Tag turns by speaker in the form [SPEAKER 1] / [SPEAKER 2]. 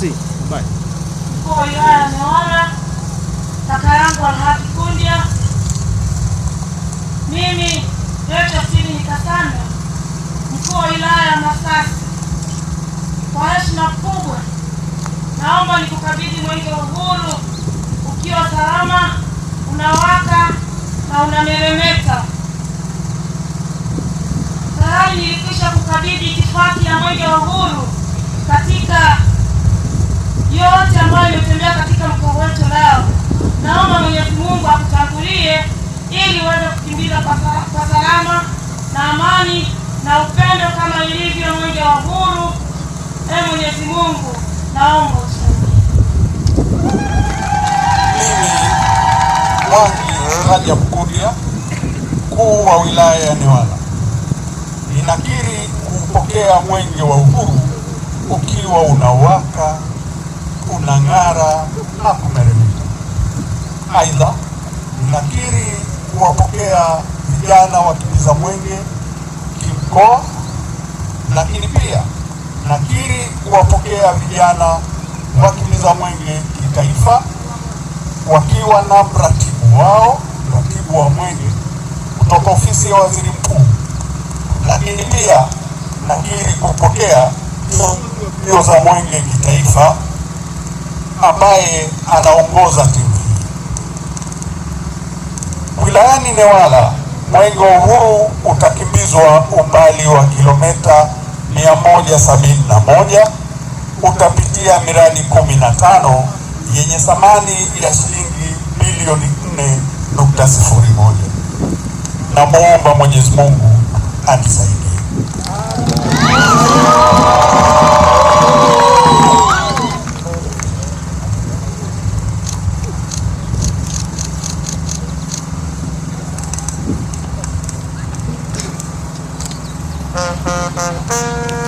[SPEAKER 1] Msii,
[SPEAKER 2] mkuu wa wilaya ya kaka yangu Alhaji Kundya. Mimi Josephine Kasanda, mkuu wa wilaya ya Masasi, kwa heshima kubwa naomba nikukabidhi mwenge uhuru ukiwa salama, unawaka na unameremeta. Tayari nilikwisha kukabidhi itifaki ya mwenge wa uhuru mazingira kwa salama na amani na upendo kama ilivyo mwenge wa uhuru. Ee Mwenyezi Mungu, naomba
[SPEAKER 3] mimi Rajab mkuu wa wilaya ya Newala, ninakiri kupokea mwenge wa uhuru ukiwa unawaka, unang'ara na kumeremeta. Aidha, ninakiri kuwapokea vijana wakimbiza mwenge kimkoa, lakini pia nakiri kuwapokea vijana wakimbiza mwenge kitaifa wakiwa na mratibu wao, mratibu wa mwenge kutoka ofisi ya waziri mkuu, lakini pia nakiri kupokea mbio za mwenge kitaifa ambaye anaongoza timu ndani Newala mwengo huu utakimbizwa umbali wa kilomita 171 utapitia miradi 15 yenye thamani ya shilingi bilioni 4.01 na muomba Mwenyezi Mungu anisaidie. Thank you.